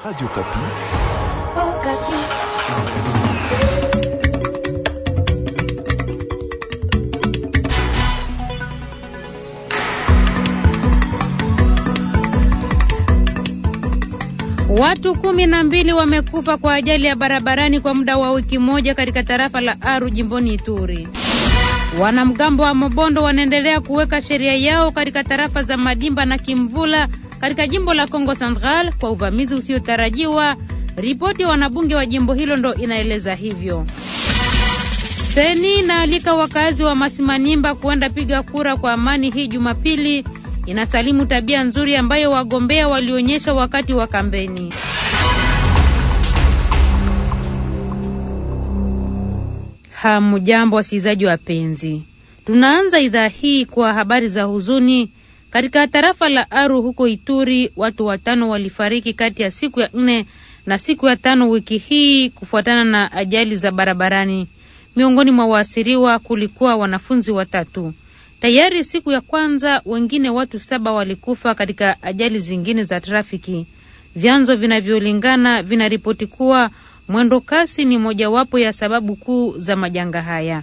Radio Kapi. Oh, Kapi. Watu kumi na mbili wamekufa kwa ajali ya barabarani kwa muda wa wiki moja katika tarafa la Aru jimboni Ituri. Wanamgambo wa Mobondo wanaendelea kuweka sheria yao katika tarafa za Madimba na Kimvula katika jimbo la Kongo Central kwa uvamizi usiotarajiwa. Ripoti ya wanabunge wa jimbo hilo ndo inaeleza hivyo. Seni naalika wakazi wa Masimanimba kuenda piga kura kwa amani hii Jumapili. Inasalimu tabia nzuri ambayo wagombea walionyesha wakati wa kampeni. Hamujambo wasikilizaji wapenzi, tunaanza idhaa hii kwa habari za huzuni katika tarafa la Aru huko Ituri, watu watano walifariki kati ya siku ya nne na siku ya tano wiki hii kufuatana na ajali za barabarani. Miongoni mwa waasiriwa kulikuwa wanafunzi watatu. Tayari siku ya kwanza, wengine watu saba walikufa katika ajali zingine za trafiki. Vyanzo vinavyolingana vinaripoti kuwa mwendo kasi ni mojawapo ya sababu kuu za majanga haya.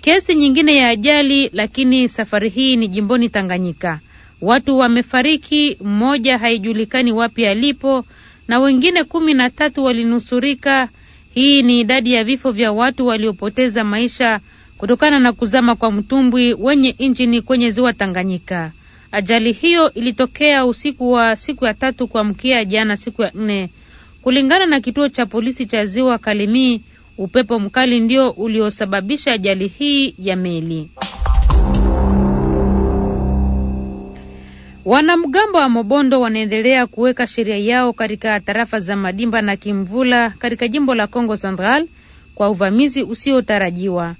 Kesi nyingine ya ajali, lakini safari hii ni jimboni Tanganyika. Watu wamefariki, mmoja haijulikani wapi alipo, na wengine kumi na tatu walinusurika. Hii ni idadi ya vifo vya watu waliopoteza maisha kutokana na kuzama kwa mtumbwi wenye injini kwenye ziwa Tanganyika. Ajali hiyo ilitokea usiku wa siku ya tatu kuamkia jana siku ya nne, kulingana na kituo cha polisi cha ziwa Kalemie. Upepo mkali ndio uliosababisha ajali hii ya meli. Wanamgambo wa Mobondo wanaendelea kuweka sheria yao katika tarafa za Madimba na Kimvula katika jimbo la congo Central kwa uvamizi usiotarajiwa.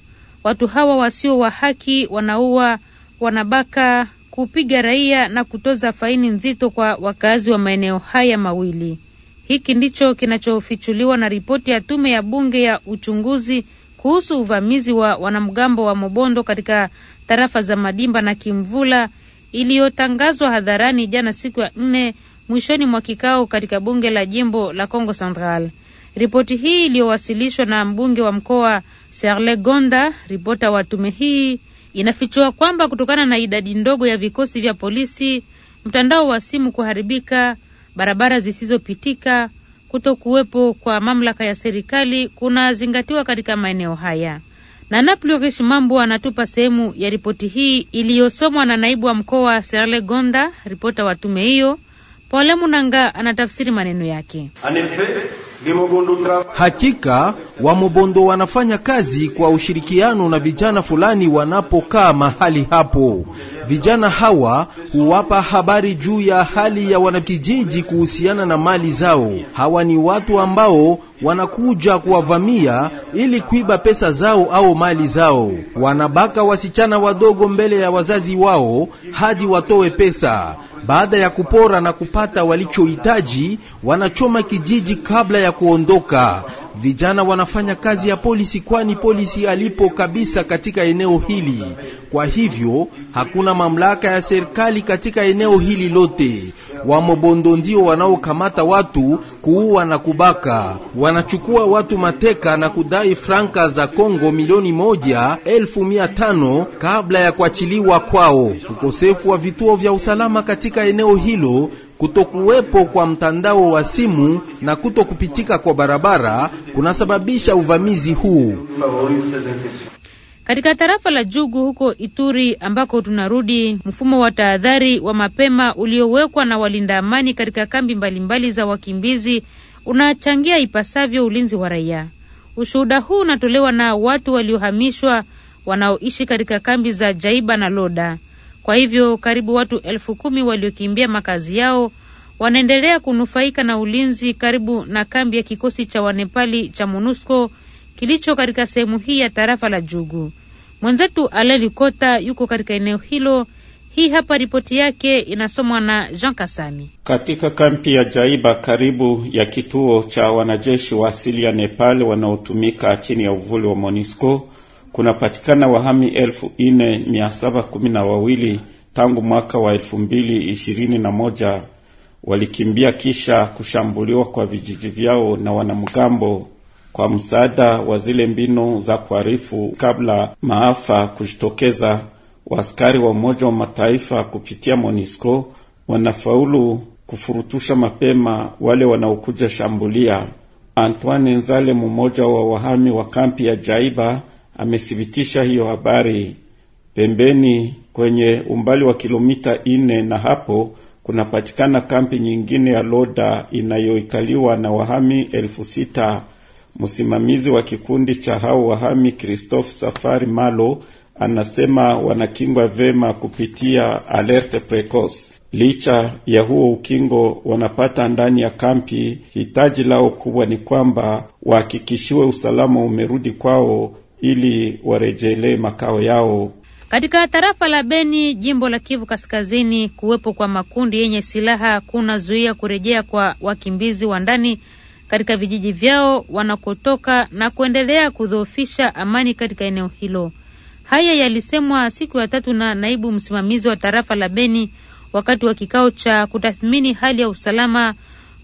Watu hawa wasio wa haki wanaua, wanabaka, kupiga raia na kutoza faini nzito kwa wakazi wa maeneo haya mawili. Hiki ndicho kinachofichuliwa na ripoti ya tume ya bunge ya uchunguzi kuhusu uvamizi wa wanamgambo wa Mobondo katika tarafa za Madimba na Kimvula iliyotangazwa hadharani jana siku ya nne mwishoni mwa kikao katika bunge la jimbo la Congo Central. Ripoti hii iliyowasilishwa na mbunge wa mkoa Serle Gonda, ripota wa tume hii, inafichua kwamba kutokana na idadi ndogo ya vikosi vya polisi, mtandao wa simu kuharibika barabara zisizopitika. Kutokuwepo kwa mamlaka ya serikali kunazingatiwa katika maeneo haya. Nana Plurish Mambo anatupa sehemu ya ripoti hii iliyosomwa na naibu wa mkoa Serle Gonda, ripota wa tume hiyo. Pole Munanga anatafsiri maneno yake Hakika Wamobondo wanafanya kazi kwa ushirikiano na vijana fulani wanapokaa mahali hapo. Vijana hawa huwapa habari juu ya hali ya wanakijiji kuhusiana na mali zao. Hawa ni watu ambao wanakuja kuwavamia ili kuiba pesa zao au mali zao. Wanabaka wasichana wadogo mbele ya wazazi wao hadi watowe pesa. Baada ya kupora na kupata walichohitaji, wanachoma kijiji kabla ya ya kuondoka Vijana wanafanya kazi ya polisi, kwani polisi alipo kabisa katika eneo hili. Kwa hivyo hakuna mamlaka ya serikali katika eneo hili lote. Wamobondo ndio wanaokamata watu, kuua na kubaka. Wanachukua watu mateka na kudai franka za Kongo milioni moja elfu mia tano kabla ya kuachiliwa kwao. Ukosefu wa vituo vya usalama katika eneo hilo, kutokuwepo kwa mtandao wa simu na kutokupitika kwa barabara kunasababisha uvamizi huu. Katika tarafa la Jugu huko Ituri ambako tunarudi, mfumo wa tahadhari wa mapema uliowekwa na walinda amani katika kambi mbalimbali za wakimbizi unachangia ipasavyo ulinzi wa raia. Ushuhuda huu unatolewa na watu waliohamishwa wanaoishi katika kambi za Jaiba na Loda. Kwa hivyo karibu watu elfu kumi waliokimbia makazi yao wanaendelea kunufaika na ulinzi karibu na kambi ya kikosi cha Wanepali cha MONUSCO kilicho katika sehemu hii ya tarafa la Jugu. Mwenzetu Aleli Kota yuko katika eneo hilo. Hii hapa ripoti yake inasomwa na Jean Kasami. Katika kampi ya Jaiba karibu ya kituo cha wanajeshi wa asili ya Nepal wanaotumika chini ya uvuli wa MONUSCO kunapatikana wahami elfu ine mia saba kumi na wawili tangu mwaka wa elfu mbili ishirini na moja walikimbia kisha kushambuliwa kwa vijiji vyao na wanamgambo kwa msaada wa zile mbinu za kuharifu kabla maafa kujitokeza, waaskari wa Umoja wa Mataifa kupitia monisco wanafaulu kufurutusha mapema wale wanaokuja shambulia. Antoine Nzale, mmoja wa wahami wa kampi ya Jaiba, amethibitisha hiyo habari. Pembeni kwenye umbali wa kilomita ine na hapo kunapatikana kampi nyingine ya Loda inayoikaliwa na wahami elfu sita. Msimamizi wa kikundi cha hao wahami Christophe Safari Malo anasema wanakingwa vema kupitia alerte precoce. Licha ya huo ukingo wanapata ndani ya kampi, hitaji lao kubwa ni kwamba wahakikishiwe usalama umerudi kwao ili warejelee makao yao. Katika tarafa la Beni, jimbo la Kivu Kaskazini, kuwepo kwa makundi yenye silaha kunazuia kurejea kwa wakimbizi wa ndani katika vijiji vyao wanakotoka na kuendelea kudhoofisha amani katika eneo hilo. Haya yalisemwa siku ya tatu na naibu msimamizi wa tarafa la Beni wakati wa kikao cha kutathmini hali ya usalama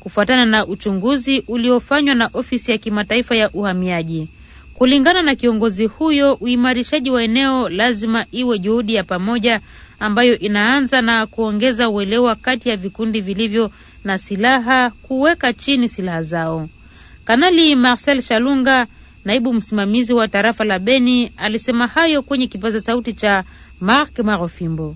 kufuatana na uchunguzi uliofanywa na ofisi ya kimataifa ya uhamiaji. Kulingana na kiongozi huyo, uimarishaji wa eneo lazima iwe juhudi ya pamoja ambayo inaanza na kuongeza uelewa kati ya vikundi vilivyo na silaha kuweka chini silaha zao. Kanali Marcel Shalunga Naibu msimamizi wa tarafa la Beni alisema hayo kwenye kipaza sauti cha Mark Marofimbo.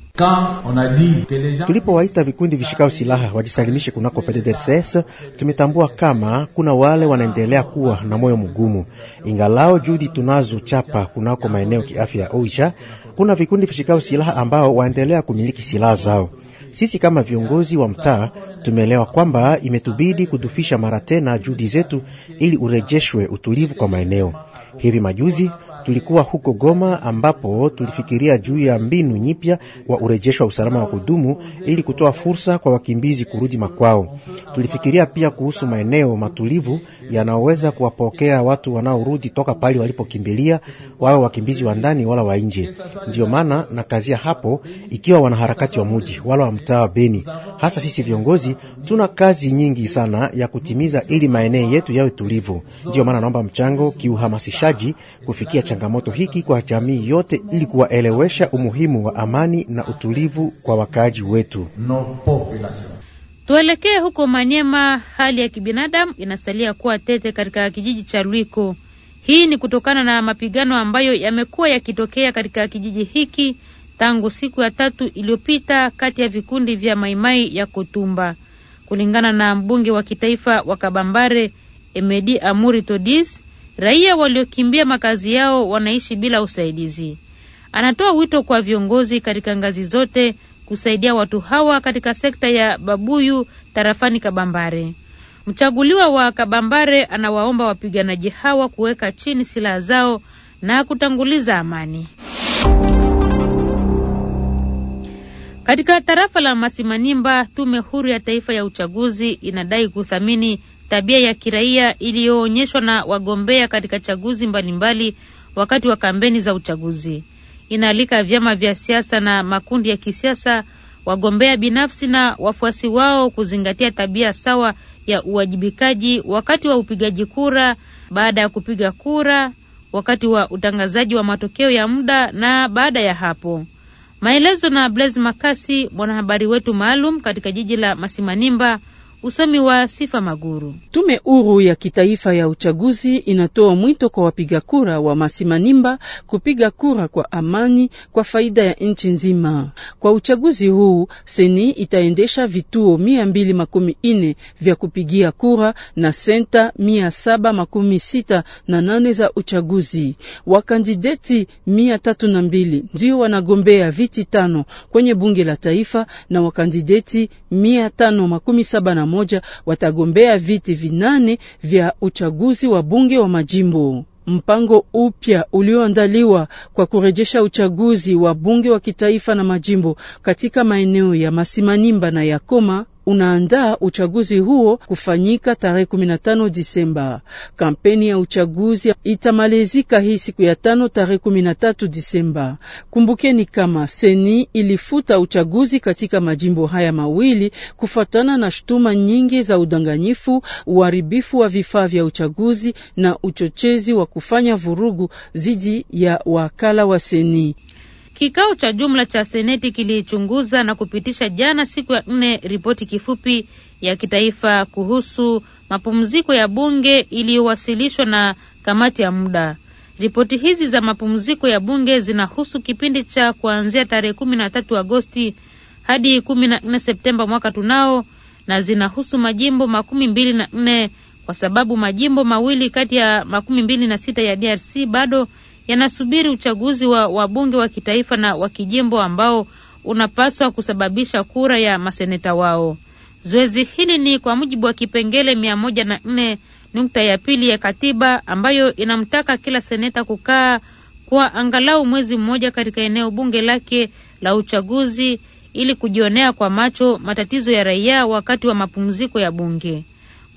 Tulipowaita vikundi vishikao silaha wajisalimishe kunako PDDRCS, tumetambua kama kuna wale wanaendelea kuwa na moyo mgumu, ingalao juhudi tunazochapa kunako maeneo kiafya ya Oisha, kuna vikundi vishikao silaha ambao waendelea kumiliki silaha zao. Sisi kama viongozi wa mtaa tumeelewa kwamba imetubidi kudufisha mara tena juhudi zetu ili urejeshwe utulivu kwa maeneo. Hivi majuzi tulikuwa huko Goma ambapo tulifikiria juu ya mbinu nyipya wa urejesho wa usalama wa kudumu ili kutoa fursa kwa wakimbizi kurudi makwao. Tulifikiria pia kuhusu maeneo matulivu yanayoweza kuwapokea watu wanaorudi toka pale walipokimbilia, wawe wakimbizi wa ndani wala wa nje. Ndiyo maana na kazia hapo, ikiwa wanaharakati wa muji wala wa mtaa wa Beni, hasa sisi viongozi tuna kazi nyingi sana ya kutimiza ili maeneo yetu yawe tulivu. Ndiyo maana naomba mchango kiuhamasishaji kufikia changamoto hiki kwa jamii yote ili kuwaelewesha umuhimu wa amani na utulivu kwa wakaaji wetu. Tuelekee huko Manyema, hali ya kibinadamu inasalia kuwa tete katika kijiji cha Lwiko. Hii ni kutokana na mapigano ambayo yamekuwa yakitokea katika kijiji hiki tangu siku ya tatu iliyopita kati ya vikundi vya Maimai ya Kotumba. Kulingana na mbunge wa kitaifa wa Kabambare Emedi Amuri Todis, Raia waliokimbia makazi yao wanaishi bila usaidizi. Anatoa wito kwa viongozi katika ngazi zote kusaidia watu hawa katika sekta ya Babuyu tarafani Kabambare. Mchaguliwa wa Kabambare anawaomba wapiganaji hawa kuweka chini silaha zao na kutanguliza amani. Katika tarafa la Masimanimba, tume huru ya taifa ya uchaguzi inadai kuthamini tabia ya kiraia iliyoonyeshwa na wagombea katika chaguzi mbalimbali wakati wa kampeni za uchaguzi. Inaalika vyama vya siasa na makundi ya kisiasa, wagombea binafsi na wafuasi wao kuzingatia tabia sawa ya uwajibikaji wakati wa upigaji kura, baada ya kupiga kura, wakati wa utangazaji wa matokeo ya muda na baada ya hapo. Maelezo na Blaise Makasi, mwanahabari wetu maalum katika jiji la Masimanimba. Usomi wa Sifa Maguru. Tume huru ya kitaifa ya uchaguzi inatoa mwito kwa wapiga kura wa Masimanimba kupiga kura kwa amani kwa faida ya nchi nzima. Kwa uchaguzi huu, Seni itaendesha vituo mia mbili makumi ine vya kupigia kura na senta mia saba makumi sita na nane za uchaguzi. Wakandideti mia tatu na mbili ndio wanagombea viti tano kwenye bunge la taifa na wakandideti mia tano makumi saba na moja watagombea viti vinane vya uchaguzi wa bunge wa majimbo. Mpango upya ulioandaliwa kwa kurejesha uchaguzi wa bunge wa kitaifa na majimbo katika maeneo ya Masimanimba na Yakoma unaandaa uchaguzi huo kufanyika tarehe 15 Disemba. Kampeni ya uchaguzi itamalizika hii siku ya tano tarehe 13 Disemba. Kumbukeni kama seni ilifuta uchaguzi katika majimbo haya mawili kufuatana na shutuma nyingi za udanganyifu, uharibifu wa vifaa vya uchaguzi na uchochezi wa kufanya vurugu dhidi ya wakala wa seni. Kikao cha jumla cha seneti kilichunguza na kupitisha jana siku ya nne ripoti kifupi ya kitaifa kuhusu mapumziko ya bunge iliyowasilishwa na kamati ya muda. Ripoti hizi za mapumziko ya bunge zinahusu kipindi cha kuanzia tarehe kumi na tatu Agosti hadi kumi na nne Septemba mwaka tunao, na zinahusu majimbo makumi mbili na nne kwa sababu majimbo mawili kati ya makumi mbili na sita ya DRC bado yanasubiri uchaguzi wa wabunge wa kitaifa na wa kijimbo ambao unapaswa kusababisha kura ya maseneta wao. Zoezi hili ni kwa mujibu wa kipengele mia moja na nne nukta ya pili ya katiba ambayo inamtaka kila seneta kukaa kwa angalau mwezi mmoja katika eneo bunge lake la uchaguzi ili kujionea kwa macho matatizo ya raia wakati wa mapumziko ya bunge.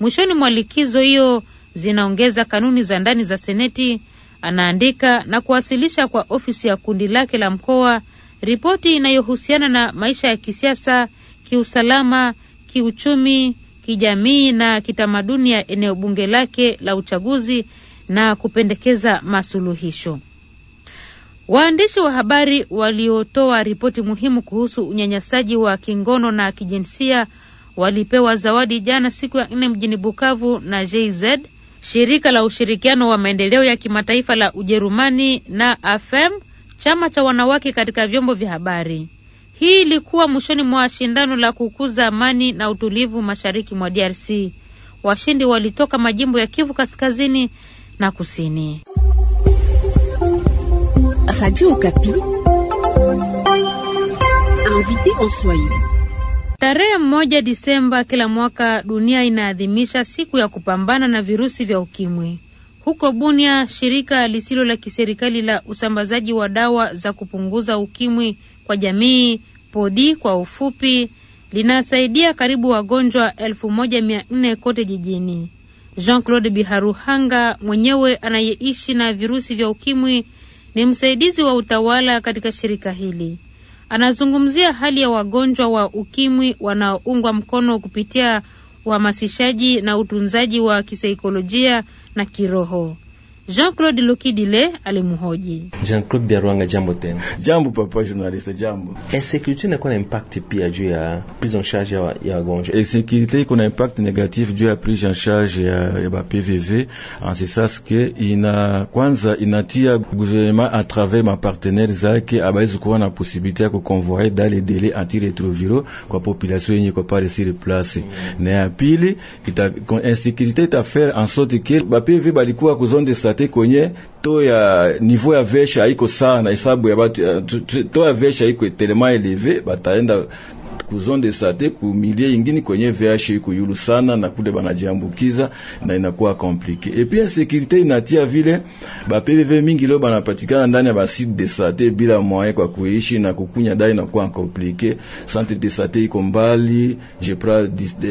Mwishoni mwa likizo hiyo zinaongeza kanuni za ndani za seneti Anaandika na kuwasilisha kwa ofisi ya kundi lake la mkoa ripoti inayohusiana na maisha ya kisiasa, kiusalama, kiuchumi, kijamii na kitamaduni ya eneo bunge lake la uchaguzi na kupendekeza masuluhisho. Waandishi wa habari waliotoa ripoti muhimu kuhusu unyanyasaji wa kingono na kijinsia walipewa zawadi jana siku ya nne mjini Bukavu na JZ shirika la ushirikiano wa maendeleo ya kimataifa la Ujerumani na AFEM, chama cha wanawake katika vyombo vya habari. Hii ilikuwa mwishoni mwa shindano la kukuza amani na utulivu mashariki mwa DRC. Washindi walitoka majimbo ya Kivu kaskazini na kusini. Radio Okapi. Tarehe moja Disemba kila mwaka dunia inaadhimisha siku ya kupambana na virusi vya ukimwi. Huko Bunia, shirika lisilo la kiserikali la usambazaji wa dawa za kupunguza ukimwi kwa jamii PODI kwa ufupi, linasaidia karibu wagonjwa elfu moja mia nne kote jijini. Jean-Claude Biharuhanga mwenyewe anayeishi na virusi vya ukimwi ni msaidizi wa utawala katika shirika hili. Anazungumzia hali ya wagonjwa wa ukimwi wanaoungwa mkono kupitia uhamasishaji na utunzaji wa kisaikolojia na kiroho. Jean-Claude Lokidile alimhoji. Jean-Claude Biarwanga, jambo tena. Jambo papa journaliste, jambo. Insécurité inakuwa na impact pia juu ya prise en charge ya wagonjwa. Insécurité iko na impact negative juu ya prise en charge ya, ya ba PVV ansesaske ah, ina kwanza inatia gouvernement a travers mapartenaire zake abawezi ah, kuwa na posibilité ya kukonvoye dans les délais antiretroviro kwa population yenye kwa pale sur place mm. na ya pili ita, insécurité itafere en sorte que ba PVV balikuwa kuzonde wakati kwenye to ya niveau ya vesha haiko sana, hesabu ya batu eh, to ya vesha haiko telema eleve, bataenda kuzonde sate ku kumilie ingini kwenye VH kuyulu sana na kule banajiambukiza na inakuwa komplike. Et puis insécurité inatia vile ba PVV mingi leo banapatikana ndani ya basite de sate bila moyen kwa kuishi na kukunya dai na kuwa komplike. Centre de sate iko mbali, je prends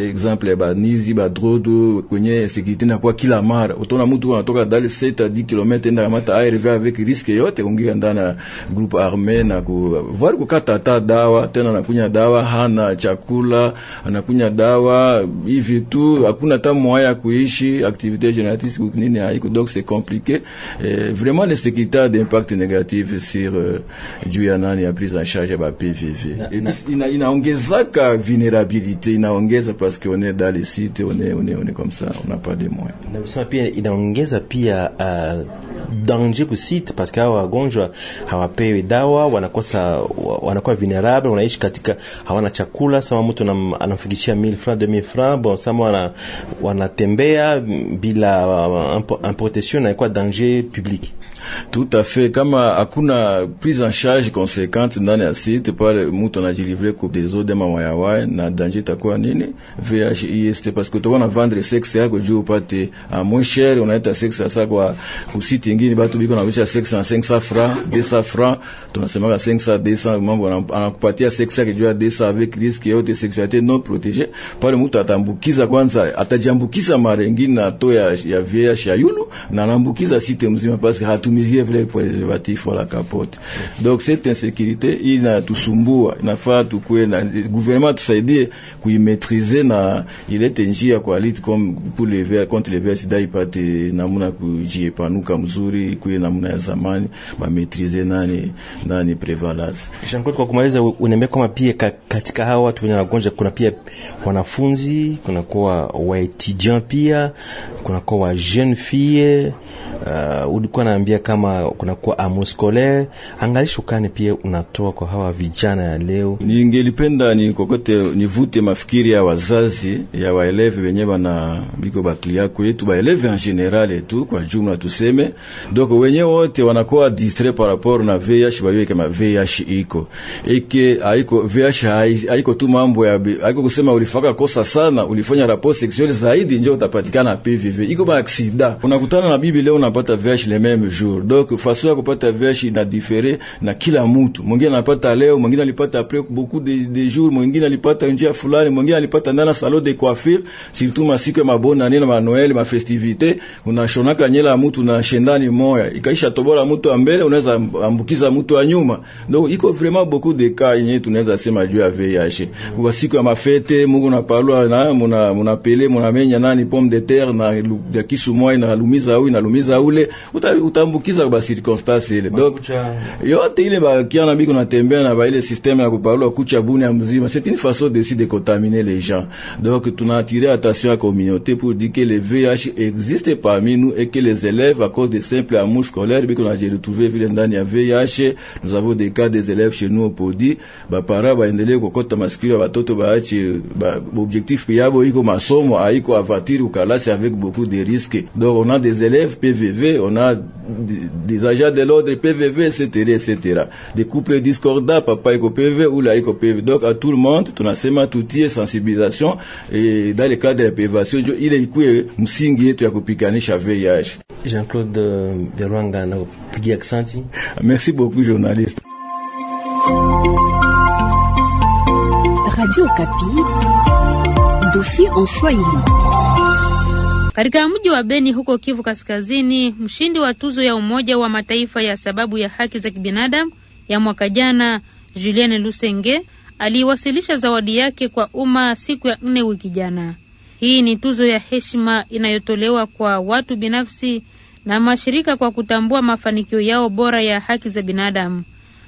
exemple ya banizi ba drodo kwenye insécurité na kwa kila mara. Utaona mtu anatoka dali 7 à 10 km ndio mata ARV avec risque yote kungia ndani ya groupe armé na ku voir kukata dawa tena na kunya dawa hana chakula, anakunya dawa hivi tu, hakuna hata moya ya kuishi, activite génératrice nini haiko, donc c'est compliqué eh, vraiment les secteurs d'impact négatif sur euh, juu ya nani ya prise en charge ba PVV na, na, ina, inaongezaka vulnerabilité inaongeza parce que on est dans les sites on est on est on est comme ça on n'a pas de moyens na kusema pia inaongeza pia uh, danger ku site parce que hawa wagonjwa hawapewi dawa wanakosa wanakuwa vulnerable wanaishi katika hawana chakula sama mtu anamfikishia 1000 francs 2000 francs, bon sama wana, wanatembea bila um, importation na kwa danger public Tout à fait. Kama hakuna prise en charge conséquente ndani ya site pale mtu anajilivre ku desode mama yawaye na danger itakuwa nini? VIH parce que utakuwa vendre sexe yako juu upate a moins cher, unaita sexe sasa kwa ku site nyingine batu biko na sexe na 500 francs, 200 francs, tunasema 500 200 mambo anakupatia sexe yake juu ya 200 avec risque yote sexualité non protégée. Pale mtu atambukiza kwanza, atajiambukiza mara nyingine na to ya, ya VIH ya yulu na anambukiza site mzima parce que hatu watumizie vile preservatif wala kapote. Donc cette insécurité inatusumbua, inafaa tukue na gouvernement tusaidie kuimetrize na ilete njia kwa lit comme pour le ver contre le ver sida ipate namna kujiepanuka mzuri, kuwe namuna ya zamani wametrize nani nani prevalence. Jean-Claude, kwa kumaliza, unaambia kama pia katika hawa watu wenye wagonjwa kuna pia wanafunzi, kuna kwa waetudiant pia kuna kwa wa jeune fille uh, ulikuwa naambia kama kunakuwa amu scolaire shukani pia unatoa kwa hawa vijana ya leo. Ningelipenda ni kokote nivute mafikiri ya wazazi ya waeleve wenye bana biko baklia kwetu baeleve en general et tout kwa jumla tuseme, donc wenye wote wanakuwa distrait par rapport na VIH, yeye kama VIH iko eke haiko VIH aiko tu mambo ya aiko kusema ulifaka kosa sana, ulifanya rapport sexuel zaidi, ndio utapatikana PVV. Iko ba accident unakutana na bibi leo unapata VIH le même jour jour. Donc façon ya kupata veshi na difere na kila mtu. Mwingine anapata leo, mwingine alipata après beaucoup de, de jours, mwingine alipata njia fulani, mwingine alipata ndani salon de coiffure, surtout masiku ya mabona nene ma Noel, ma festivité, unashonaka nyela mtu na shendani moya. Ikaisha tobola mtu wa mbele, unaweza ambukiza mtu wa nyuma. Donc iko vraiment beaucoup de cas yenyewe tunaweza sema juu ya VIH. Kwa siku ya mafete, Mungu napalwa na muna munapele munamenya nani pomme de terre na ya kisu moya na lumiza huyu na lumiza ule, utambukiza kuambukiza kwa circonstance ile. Donc yote ile ba kiana biko natembea na ba ile systeme ya kupalua kucha buni ya mzima, c'est une façon aussi de contaminer les gens. Donc tuna attirer attention à la communauté pour dire que le VIH existe parmi nous et que les élèves à cause de simples amours scolaires biko na j'ai retrouvé vile ndani ya VIH. Nous avons des cas des élèves chez nous au Podi, ba para baendelee kokota masikio ya watoto baache ba, objectif yabo iko masomo haiko avatiri ukalasi avec beaucoup de risques. Donc on a des élèves PVV, on a des agents de l'ordre PVV, etc., etc. Des couples discordants, papa et PV ou la PV. Donc, à tout le monde, tout enseignement, tout est sensibilisation, et dans le cadre de la prévention, il est nous euh, msingi tu ya kupiganisha VIH. Jean-Claude Berwanga euh, na kupigia hein. Merci beaucoup journaliste. Radio Capi, dossier en Swahili. Katika mji wa Beni huko Kivu Kaskazini, mshindi wa tuzo ya Umoja wa Mataifa ya sababu ya haki za kibinadamu ya mwaka jana, Julien Lusenge aliiwasilisha zawadi yake kwa umma siku ya nne wiki jana. Hii ni tuzo ya heshima inayotolewa kwa watu binafsi na mashirika kwa kutambua mafanikio yao bora ya haki za binadamu.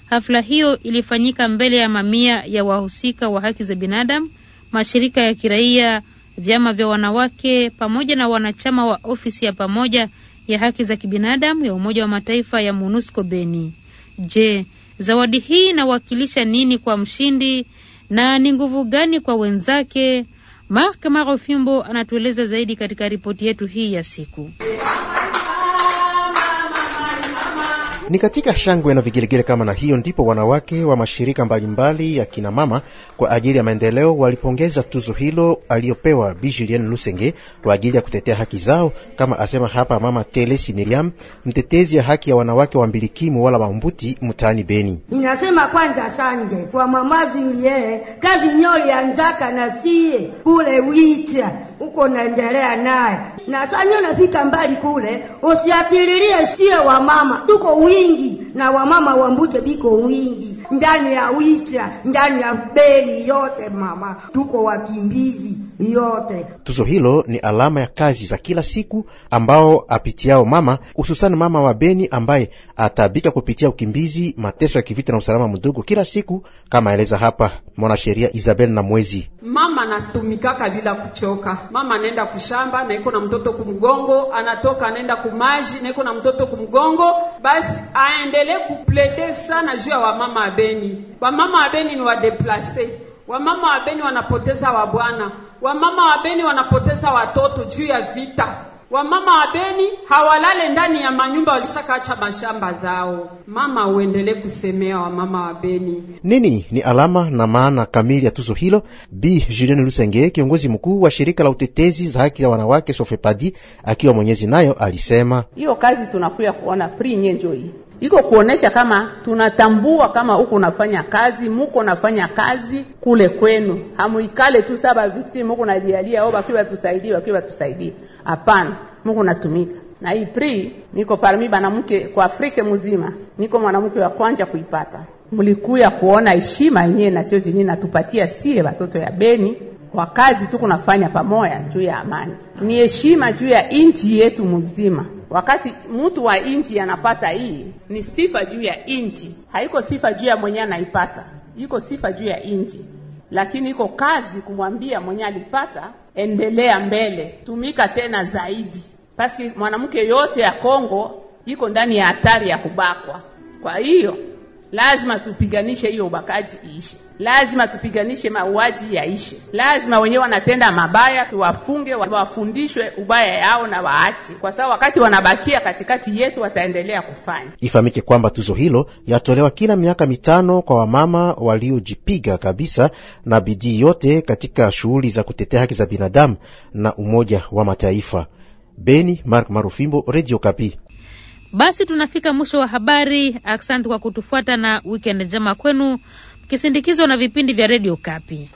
Hafla hiyo ilifanyika mbele ya mamia ya wahusika wa haki za binadamu, mashirika ya kiraia vyama vya wanawake pamoja na wanachama wa ofisi ya pamoja ya haki za kibinadamu ya Umoja wa Mataifa ya MONUSCO Beni. Je, zawadi hii inawakilisha nini kwa mshindi na ni nguvu gani kwa wenzake? Mark Marofimbo anatueleza zaidi katika ripoti yetu hii ya siku. Ni katika shangwe na vigelegele kama na hiyo ndipo wanawake wa mashirika mbalimbali ya kina mama kwa ajili ya maendeleo walipongeza tuzo hilo aliyopewa Bi Julien Lusenge kwa ajili ya kutetea haki zao, kama asema hapa Mama Telesi Miriam, mtetezi ya haki ya wanawake wa mbilikimu wala wambuti mtaani Beni. Ninasema kwanza asante kwa Mama Julien, kazi nyoli ya nzaka na sie kule wita uko naendelea naye na sanyo nafika mbali kule, usiatiririe sie wa mama tuko wita wingi na wamama wambute biko wingi ndani ya Witra, ndani ya Beni yote mama, tuko wakimbizi yote. Tuzo hilo ni alama ya kazi za kila siku ambao apitiao mama, hususani mama wa Beni ambaye atabika kupitia ukimbizi, mateso ya kivita na usalama mdogo kila siku, kama eleza hapa mwanasheria Isabel na mwezi mama anatumikaka bila kuchoka. Mama anaenda kushamba na iko na mtoto kumgongo, anatoka anaenda kumaji na iko na mtoto kumgongo, basi aendelee kuplede sana juu ya wamama wa Beni. Wamama wa Beni ni wadeplase, wamama wa Beni wanapoteza wabwana Wamama wa Beni wanapoteza watoto juu ya vita. Wamama wa Beni hawalale ndani ya manyumba, walishakaacha mashamba zao. Mama, uendelee kusemea wamama wa Beni. Nini ni alama na maana kamili ya tuzo hilo? Bi Julien Lusenge, kiongozi mkuu wa shirika la utetezi za haki za wanawake Sofepadi, akiwa mwenyezi nayo alisema hiyo kazi tunakuya kuona pri nyenjo hii iko kuonesha kama tunatambua kama huko nafanya kazi, muko nafanya kazi kule kwenu, hamuikale tu saba victim huko najialia au oh, bakiwa tusaidie, bakiwa tusaidie. Hapana, muko natumika na hii pri niko parmi banamke kwa Afrika mzima, niko mwanamke wa kwanja kuipata. Mlikuya kuona heshima yenyewe na sio zenyewe natupatia sie watoto ya Beni kwa kazi tu kunafanya pamoja juu ya amani, ni heshima juu ya nchi yetu mzima. Wakati mtu wa nchi anapata hii, ni sifa juu ya nchi, haiko sifa juu ya mwenye anaipata, iko sifa juu ya nchi, lakini iko kazi kumwambia mwenye alipata, endelea mbele, tumika tena zaidi, paski mwanamke yote ya Kongo iko ndani ya hatari ya kubakwa. Kwa hiyo Lazima tupiganishe hiyo ubakaji iishe, lazima tupiganishe mauaji yaishe, lazima wenyewe wanatenda mabaya tuwafunge, wafundishwe ubaya yao na waache, kwa sababu wakati wanabakia katikati yetu wataendelea kufanya. Ifahamike kwamba tuzo hilo yatolewa kila miaka mitano kwa wamama waliojipiga kabisa na bidii yote katika shughuli za kutetea haki za binadamu na Umoja wa Mataifa. Beni, Mark Marufimbo, Radio Kapi. Basi tunafika mwisho wa habari. Asante kwa kutufuata na wikendi njema kwenu, mkisindikizwa na vipindi vya redio Kapi.